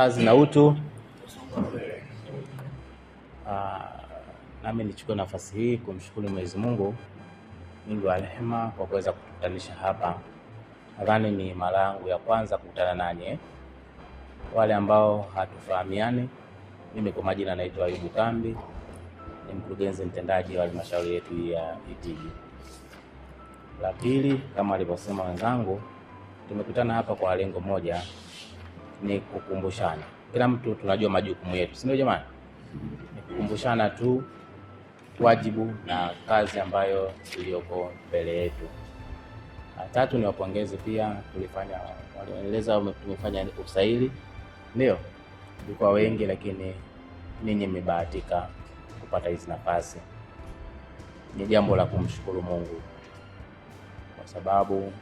kazi na utu. Ah, nami nichukue nafasi hii kumshukuru Mwenyezi Mungu mwingi wa rehema kwa kuweza kutukutanisha hapa. Nadhani ni mara yangu ya kwanza kukutana nanye. Wale ambao hatufahamiani, mimi kwa majina naitwa Ayubu Kambi, ni mkurugenzi mtendaji wa halmashauri yetu ya Itigi. La pili, kama alivyosema wenzangu, tumekutana hapa kwa lengo moja ni kukumbushana. Kila mtu tunajua majukumu yetu, si ndio jamani? Ni kukumbushana tu wajibu na kazi ambayo iliyoko mbele yetu. Ah, tatu ni wapongeze pia, tulifanya walieleza, tumefanya usaili, ndio tulikuwa wengi, lakini ninyi mmebahatika kupata hizi nafasi. Ni jambo la kumshukuru Mungu kwa sababu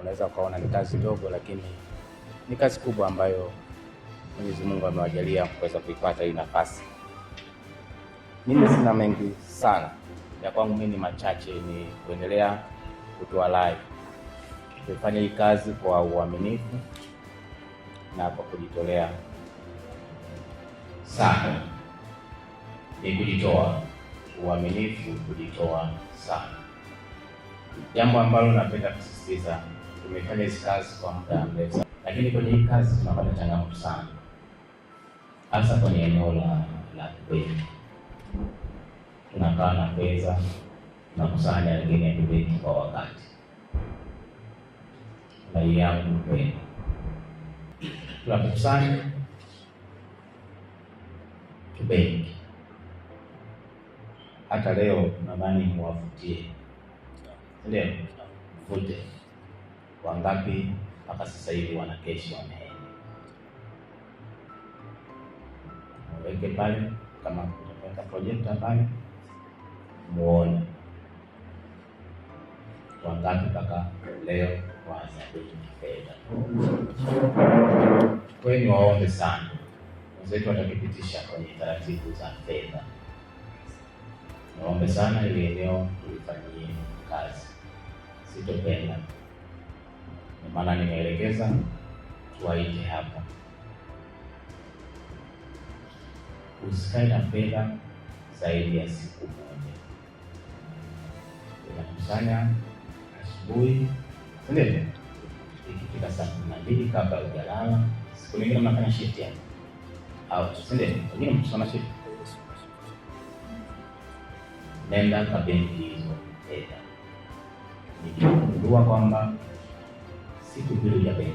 unaweza ukaona ni kazi ndogo, lakini ni kazi kubwa ambayo Mwenyezi Mungu amewajalia kuweza kuipata hii nafasi. Mimi sina mengi sana ya kwangu, mimi ni machache, ni kuendelea kutoa live, kuifanya hii kazi kwa uaminifu na kwa kujitolea sana. Ni kujitoa, uaminifu, kujitoa sana, jambo ambalo napenda kusisitiza. Tumefanya hizi kazi kwa muda mrefu lakini kwenye hii kazi tunapata changamoto sana, hasa kwenye eneo la la kubeki. Tunakaa na pesa kusanya wengine hatubeki kwa wakati, mali yangu kwenu, tunakusanya tubeki. Hata leo nadhani wavutie leo vute wangapi mpaka sasa hivi wanakesha wameenda. Weke pale kama utaweka projekta pale, muone wangapi mpaka leo wazakutumia fedha. Kwa hiyo niwaombe sana wenzetu watakipitisha kwenye taratibu za fedha. Niwaombe sana ili eneo tulifanyie kazi, sitopenda maana nimeelekeza tuwaite hapa. Usikae na fedha zaidi ya siku moja. Unakusanya asubuhi, si Ikifika saa kumi na mbili kabla hujalala, siku nyingine mnafanya shift ya au si Wengine shift. Nenda kabenki hizo fedha, nikigundua kwamba siku mbili bei,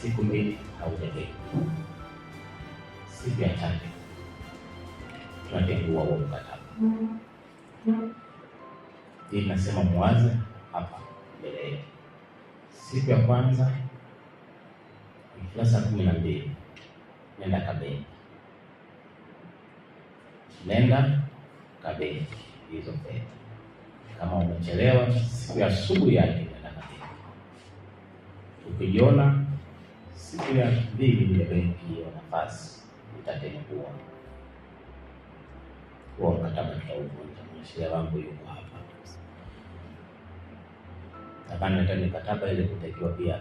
siku mbili bei Siku ya tatu tunatengua huo mkataba. Hii nasema mwaze hapa mbele yetu. Siku ya kwanza ifika saa kumi na mbili nenda kabenki, nenda kabenki hizo fedha. Kama umechelewa siku ya asubuhi yake Ukiiona siku ya pili benki ya nafasi utatengua kwa mkataba tutauvunja. Mwanasheria wangu yuko hapa. Nadhani hata mikataba ile kutakiwa pia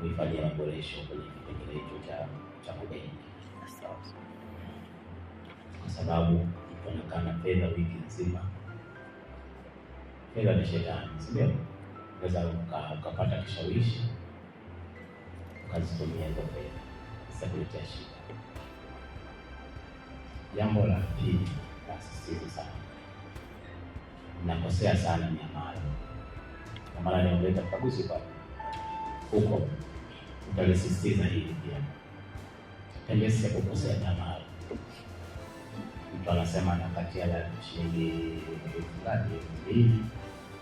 kuifanyia maboresho kwenye kipengele hicho cha cha kubeni, kwa sababu anakaa fedha wiki nzima. Fedha ni shetani, si ndio? Unaweza ukapata kishawishi ukazitumia hizo fedha zitakuletea shida. Jambo la pili nasisitiza sana, nakosea sana miamala, kwa maana niongeza kaguzi kwa huko utalisisitiza hili pia, tendesi ya kukosea miamala. Mtu anasema anakatia la shilingi elfu ngapi, elfu mbili,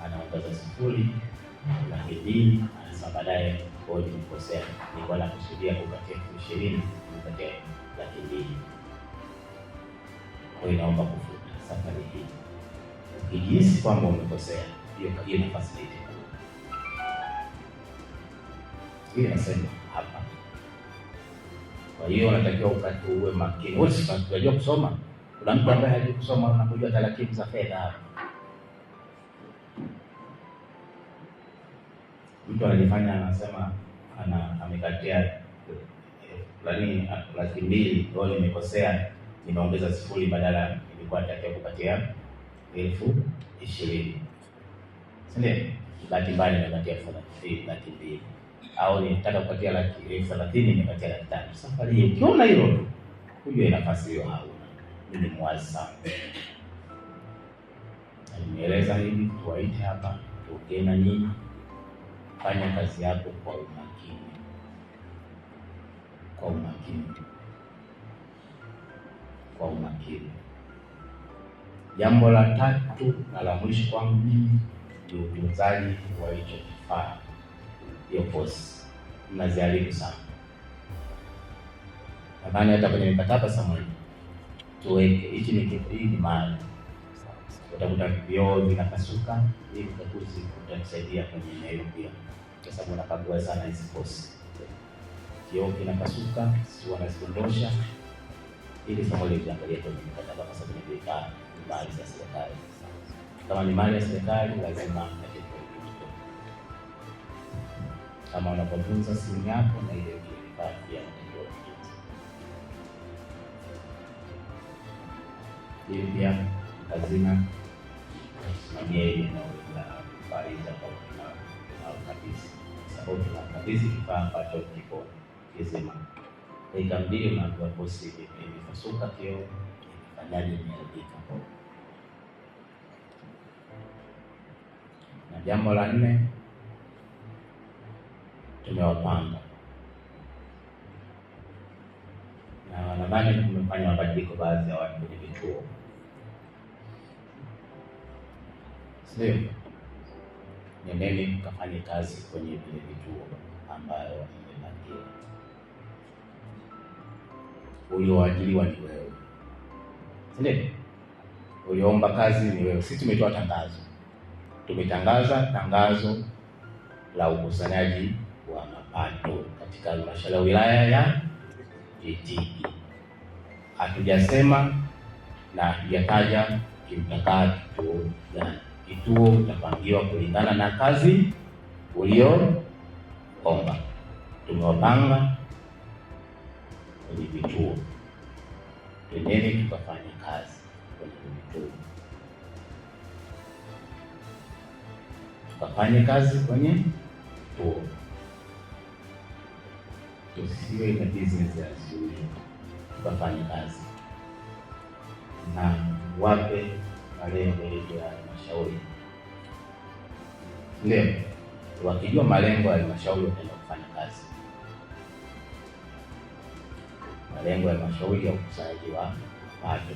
anaongeza sifuri, laki mbili sasa baadaye bodi kukosea. Nilikuwa nakusudia kukatia elfu ishirini kupatia laki mbili kwa hiyo naomba kufuta safari hii. Ukijihisi kwamba umekosea, hiyo nafasi hii nasema hapa. Kwa hiyo unatakiwa ukati uwe makini. Wote tunajua kusoma, kuna mtu ambaye hajui kusoma, anakujua tarakimu za fedha hapa mtu anajifanya anasema ana amekatia nani laki mbili kwao, nimekosea, nimeongeza sifuri badala ilikuwa nitakiwa kupatia elfu ishirini si ndio? Bahati mbaya nimepatia elfu thelathini laki mbili au nitaka kupatia laki elfu thelathini nimepatia laki tatu Safari hii ukiona hilo hujue nafasi hiyo hauna, ni mwazi sana. Alinieleza hivi, tuwaite hapa tuongee na nyinyi fanya kazi yako kwa umakini, kwa umakini, kwa umakini. Jambo la tatu na la mwisho kwangu mimi ni utunzaji wa hicho kifaa, hiyo posi Mnaziharibu sana. Nadhani hata kwenye mikataba samani tuweke hichi, ni hii ni mali utakuta vioo vinapasuka. Hii ukaguzi utakusaidia kwenye eneo hilo pia, kwa sababu unakagua sana hizi kosi. Kioo kinapasuka, si wanazidondosha. Ili somo hili tuangalie kwenye mkataba, kwa sababu ni bidhaa, ni mali za serikali. Kama ni mali ya serikali, lazima kama unapotunza simu yako na ile vifaa pia ndio hivi pia lazima na na inayobariza kwa tunakabidhi, kwa sababu tunakabidhi kifaa ambacho kiko kizima. Dakika mbili unaambiwa bosi, imepasuka kioo, fanyaje, imeharibika. Na jambo la nne tumewapanga na nadhani tumefanya mabadiliko baadhi ya watu kwenye vituo Ndio, nendeni mkafanye kazi kwenye vile vituo ambayo imepangiwa. Ulioajiriwa ni wewe, ndio ulioomba kazi ni wewe. Sisi tumetoa tangazo, tumetangaza tangazo la ukusanyaji wa mapato katika halmashauri ya wilaya ya Itigi. Hatujasema na hatujataja kimkakati gani kituo utapangiwa kulingana na kazi ulioomba. Tumewapanga kwenye vituo, twendeni tukafanya kazi kwenye vituo, tukafanye kazi kwenye vituo, tusiwe na business ya usual, tukafanye kazi na wape malengo yetu ya halmashauri leo, wakijua malengo ya halmashauri wataenda kufanya kazi. Malengo ya halmashauri ya ukusanyaji wa mapato,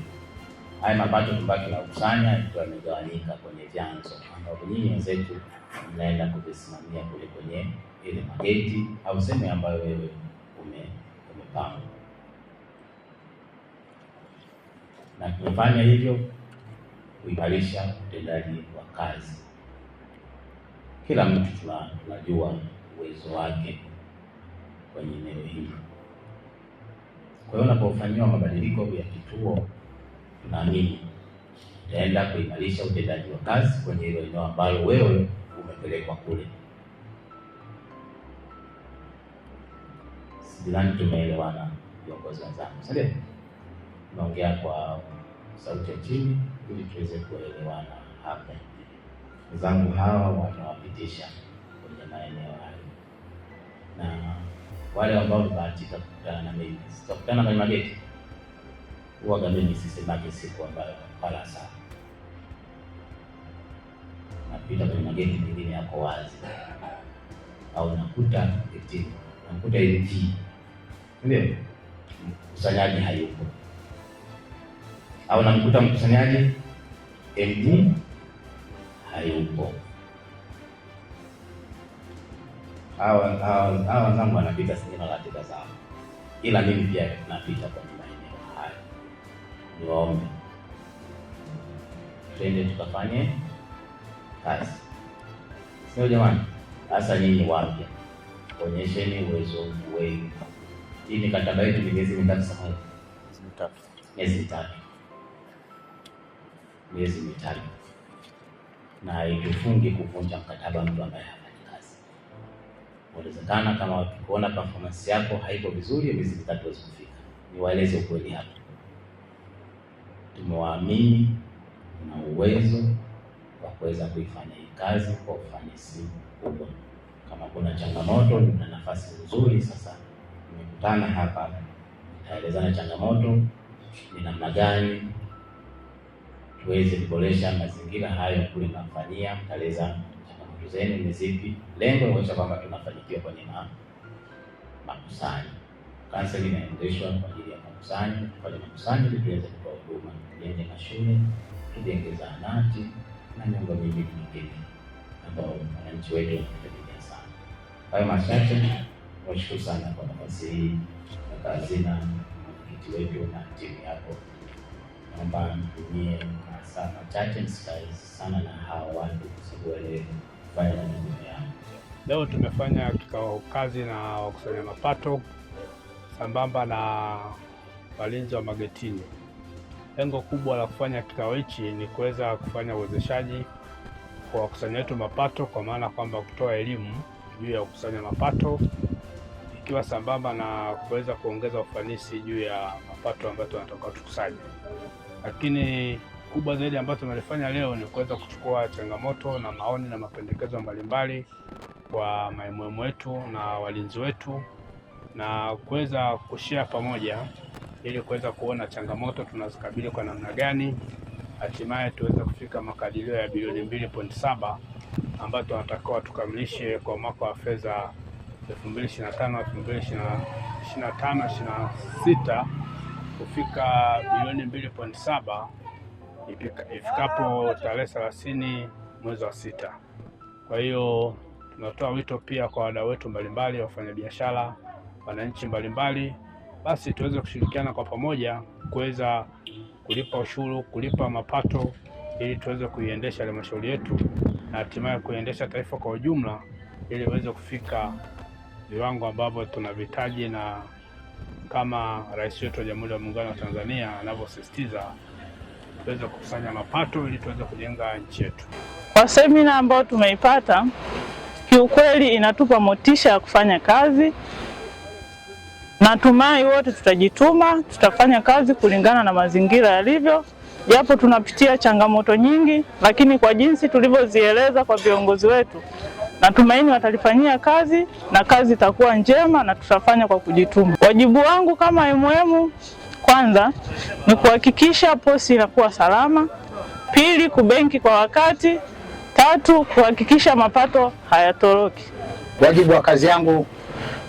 haya mapato tumbaki na kusanya ikiwa yamegawanyika kwenye vyanzo ambavyo nyinyi wenzetu mnaenda kuvisimamia kule kwenye ile mageti au sehemu ambayo wewe ume umepanga, na tumefanya hivyo kuimarisha utendaji wa kazi. Kila mtu tunajua uwezo wake kwenye eneo hili. Kwa hiyo unapofanyiwa mabadiliko ya kituo, tunaamini utaenda kuimarisha utendaji wa kazi kwenye hilo eneo ambalo wewe umepelekwa kule. Sidhani tumeelewana viongozi wenzangu, si ndio? Unaongea kwa sauti ya chini ili tuweze kuelewana hapo. Wenzangu hawa wanawapitisha kwenye maeneo hayo, na wale ambao wamebahatika kukutana na mimi, sitakutana kwenye mageti. Huwaga mimi sisemake siku ambayo pala saa napita kwenye mageti mengine yako wazi, au nakuta geti nakuta hivi, ndio mkusanyaji hayupo au namkuta mkusanyaji eh, MD hayupo, hawa wenzangu wanapita sijina ratiba zao, ila mimi pia napita kwenye maeneo haya. Niwaombe twende tukafanye kazi, sio jamani? Hasa nyinyi wapya, onyesheni uwezo wenu. Hii mikataba yetu ni miezi mitatu, miezi mitatu miezi mitatu, na itufungi kuvunja mkataba mtu ambaye hafanyi kazi. Inawezekana kama tukiona performance yako haiko vizuri, miezi mitatu haiwezi kufika. Niwaeleze ukweli hapa, tumewaamini na uwezo wa kuweza kuifanya hii kazi kwa ufanisi mkubwa. Kama kuna changamoto, na nafasi nzuri sasa tumekutana hapa, nitaelezana changamoto ni namna gani tuweze kuboresha mazingira hayo kule mnafanyia, mtaeleza changamoto zenu ni zipi, lengo ni kuhakikisha kwamba tunafanikiwa kwenye makusanyo. kansa inaendeshwa kwa ajili ya makusanyo, kufanya makusanyo ili tuweze kutoa huduma, tujenge mashule, tujenge zahanati na miundo mingi mingine ambayo wananchi wetu wanategemea sana. Hayo machache, washukuru sana kwa nafasi hii, kaka Hazina, mwenyekiti wetu na timu yako naomba mtumie masaa machache sana na hawa watu kwa sababu wale kufanya majukumu yao. Leo tumefanya kikao kazi na wakusanya mapato sambamba na walinzi wa magetini. Lengo kubwa la kufanya kikao hichi ni kuweza kufanya uwezeshaji kwa wakusanya wetu mapato, kwa maana kwamba kutoa elimu juu ya kukusanya mapato ikiwa sambamba na kuweza kuongeza ufanisi juu ya mapato ambayo tunatoka tukusanye, lakini kubwa zaidi ambayo tumelifanya leo ni kuweza kuchukua changamoto na maoni na mapendekezo mbalimbali kwa maimumu wetu na walinzi wetu na kuweza kushia pamoja ili kuweza kuona changamoto tunazikabili kwa namna gani, hatimaye tuweze kufika makadirio ya bilioni 2.7 ambayo tunatakiwa tukamilishe kwa mwaka wa fedha 2025 2025 kufika bilioni 2.7 ifikapo tarehe 30 mwezi wa sita. Kwa hiyo tunatoa wito pia kwa wadau wetu mbalimbali, wafanyabiashara, wananchi mbalimbali, basi tuweze kushirikiana kwa pamoja kuweza kulipa ushuru, kulipa mapato ili tuweze kuiendesha halmashauri yetu na hatimaye kuiendesha taifa kwa ujumla ili iweze kufika viwango ambavyo tunavitaji na kama rais wetu wa Jamhuri ya Muungano wa Tanzania anavyosisitiza tuweze kukusanya mapato ili tuweze kujenga nchi yetu. Kwa semina ambayo tumeipata, kiukweli inatupa motisha ya kufanya kazi. Natumai wote tutajituma, tutafanya kazi kulingana na mazingira yalivyo, japo tunapitia changamoto nyingi, lakini kwa jinsi tulivyozieleza kwa viongozi wetu Natumaini watalifanyia kazi na kazi itakuwa njema na tutafanya kwa kujituma. Wajibu wangu kama MM, kwanza ni kuhakikisha posi inakuwa salama, pili kubenki kwa wakati, tatu kuhakikisha mapato hayatoroki. Wajibu wa kazi yangu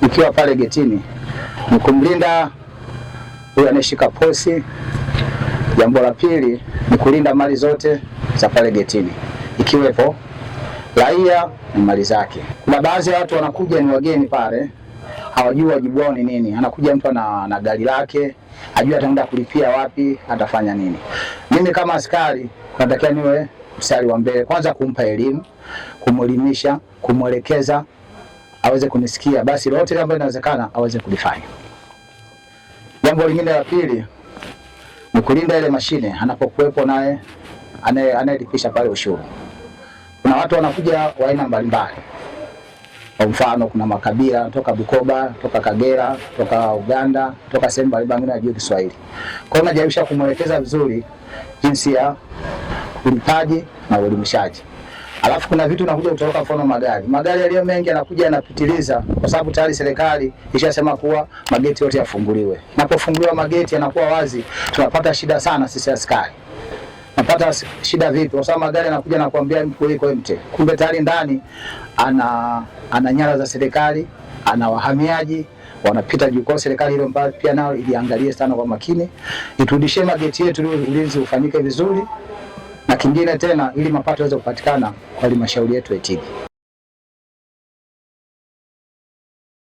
nikiwa pale getini ni kumlinda huyo anayeshika posi. Jambo la pili ni kulinda mali zote za pale getini ikiwepo raia ni mali zake. Kuna baadhi ya watu wanakuja ni wageni pale, hawajui wajibu wao ni nini. Anakuja mtu na, na gari lake, hajui ataenda kulipia wapi, atafanya nini. Mimi kama askari natakia niwe mstari wa mbele, kwanza kumpa elimu, kumwelimisha, kumwelekeza aweze kunisikia, basi lolote ambalo linawezekana aweze kulifanya. Jambo lingine la pili ni kulinda ile mashine anapokuwepo naye anayelipisha pale ushuru watu wanakuja wa aina mbalimbali. Kwa mfano kuna makabila toka Bukoba, toka Kagera, toka Uganda, toka sehemu mbalimbali na ajue Kiswahili. Kwa hiyo najaribisha kumwelekeza vizuri jinsi ya ulipaji na uelimishaji. Alafu kuna vitu nakuja kutoka mfano magari. Magari yaliyo mengi yanakuja yanapitiliza kwa sababu tayari serikali ishasema kuwa mageti yote yafunguliwe. Napofunguliwa mageti yanakuwa wazi, tunapata shida sana sisi askari napata shida vipi? Kwa sababu magari anakuja nakuambia mkuliko mte, kumbe tayari ndani ana ana nyara za serikali, ana wahamiaji wanapita juu Kwa Serikali hilo pia nao iliangalie sana kwa makini, iturudishie mageti yetu ili ulinzi ufanyike vizuri, na kingine tena, ili mapato yaweze kupatikana kwa halmashauri yetu ya Itigi.